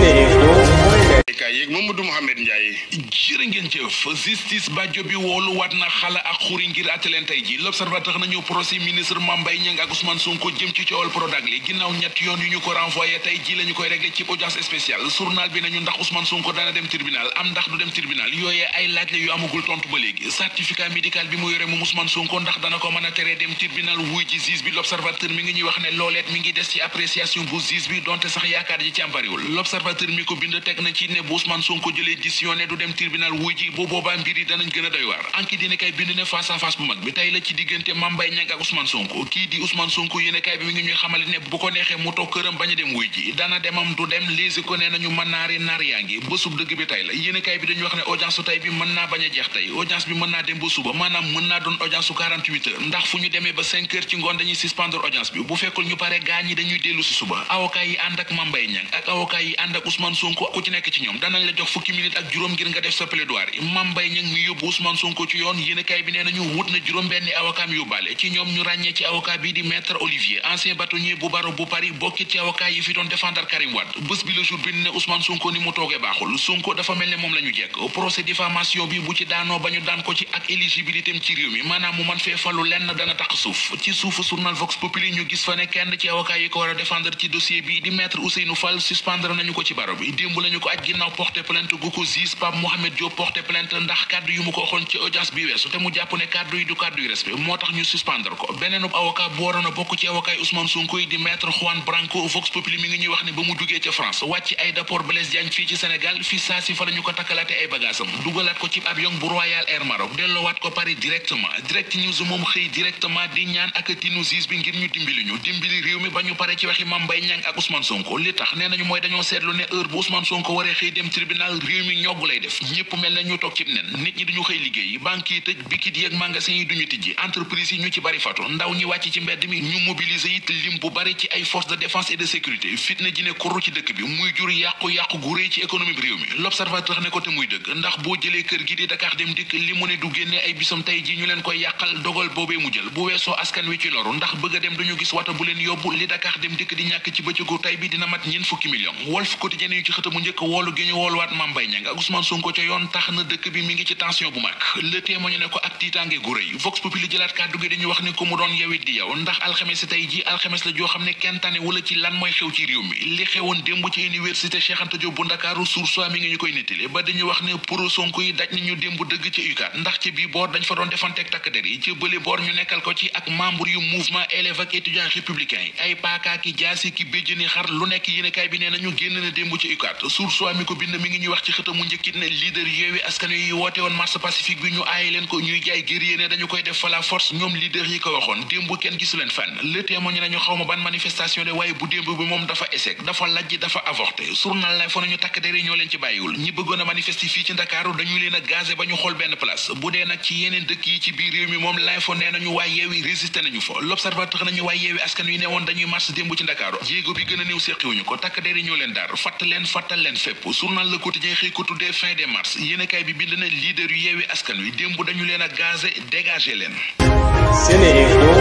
Tenerife. Ndiaye ak Mamadou Mouhamed Ndiaye jërë ngeen jëf justice bàjjo bi woolu waat na xala ak xuri ngir àtteleen tey ji l'observateur nañu procès ministre Mame Mbaye Niang ak Ousmane Sonko jëm ci coowal Prodac li ginnaaw ñett yoon yu ñu ko renvoyé tey ji la koy réglé ci audience spéciale journal bi nañu ndax Ousmane Sonko dana dem tribunal am ndax du dem tribunal yooyee ay laaj la yu amagul tontu ba léegi certificat médical bi mu yore moom Ousmane Sonko ndax dana ko Ousmane Sonko jëlee décision ne du dem tribunal wuy ji bu boobaa mbir yi danañ gën a doy waar enquête yéene kaay bind ne face à face bu mag bi tey la ci diggante Mame Mbaye Niang ak Ousmane Sonko bi mi ngi ñuy ne bu ko neexee mu toog këram a dem wuy ji dana demam dem léegi ko nañu mën naari naar yaa ngi bésub dëgg bi dañuy wax ne audience tey bi mën naa bañ a jeex tey audience mën naa dem suba maanaam mën naa doon audience su 48 heures ndax fu ñu demee ba 5 heures ci ngoon dañuy suspendre bu fekkul ñu pare gaañ yi dañuy si suba avocat ak Mame Mbaye Niang ak avocat yi ànd ak ku ci nekk ci ñoom danañ la jox fukki minute ak juróom ngir nga def sa plaidoirie Mame Mbaye Niang mi yóbbu Ousmane Sonko ci yoon yéenekaay bi nee nañu wut na juróom benni avocat yóbbaale ci ñoom ñu ràññee ci avocat bi di maître Olivier ancien bâtonnier bu barreau bu Paris bokkit ci avocat yi fi doon défendre Karim Wade bés bi le jour bi ne Ousmane Sonko ni mu toogee baaxul Sonko dafa mel ne moom la ñu jekk procès diffamation bi bu ci daanoo ba ñu daan ko ci ak éligibilité ci réew mi maanaam man fee falu lenn dana tax suuf ci suufu journal Vox Populi ñu gis kenn ci avocat yi ko war a bi di maître Ousseynou Fall suspendre nañu ko ci baro bi démb lañu ko aj ginnaaw porté plainte gu ko juge Pape Mohamed Diop porté plainte ndax kaddu yu mu ko waxoon ci audience bi weesu te mu jàpp ne kaddu yi du kaddu yu respect moo tax ñu suspendre ko beneen avocat bu waroon a bokk ci avocat yi Ousmane Sonko yi di maître Juan Branco Vox Populi mi ngi ñuy wax ne ba mu jugee ca France wàcc aéroport Blaise Diagne fii ci Sénégal fii saa fa la ko takkalaate ay bagaasam dugalaat ko ci avion bu Royal Air Maroc delloowaat ko Paris directement direct news ak tinu juge bi ngir ñu dimbali ñu dimbali réew mi ba ñu pare ci waxi Mame Mbaye Niang ci tribunal réew mi ñoggu lay def ñëpp mel na ñu toog ci nen nit ñi duñu xëy liggéey banque yi tëj bikit yeeg magasin yi duñu tijji entreprise yi ñu ci bari fatu ndaw ñi wàcc ci mbedd mi ñu mobiliser lim bu bari ay force de de sécurité fitna ji ne kurru ci dëkk bi muy jur yàqu-yàqu gu réy ci économie bi réew mi l'observateur ne ko te muy dëgg ndax boo jëlee kër gi di Dakar dem dikk li mu ne du génne ay bisam tey ji ñu leen koy yàqal dogal boobee mu jël bu weesoo askan wi ci loru ndax bëgg dem dañu gis wata bu leen yóbbu li Dakar dem dikk di ñàkk ci bëccëgu tey bi dina mat ñeen fukki million wooluwaat Mame Mbaye Niang ak Ousmane Sonko ca yoon tax na dëkk bi mi ngi ci tension bu mag le témoigne ko ak tiitaange gu rëy vox populi gi dañuy wax ne ko mu doon yewit di yow ndax alxames tey ji alxames la joo xam ne kenn tane wala ci lan mooy xew ci réew mi li xewoon démb ci université Cheikh bu Ndakaaru Source A mi ngi ñu koy nettali ba dañuy wax ne pro Sonko yi daj nañu démb dëgg ci UCAD ndax ci bii boor dañ fa doon defanteeg takk der yi A mi bind mi ngi ñuy wax ci xëta mu njëkkit ne leader yeewi askan yi woote woon marche pacifique bi ñu aaye leen ko ñuy jaay guerrier ne dañu koy def fa force ñoom leader yi ko waxoon démb kenn gisu leen fenn nañu xaw ban manifestation de waaye bu démb bi moom dafa échec dafa lajj dafa avorté journal la nañu takk dere ñoo leen ci bàyyiwul ñi bëggoon a fii ci Ndakaaru dañu leen a ba ñu xool benn place bu dee nag ci yeneen dëkk journal Le Quotidien xëy ko tuddee fin de mars yéenekaay bi bind na leader yu yeewi askan wi démb dañu leen a gazé dégagé leen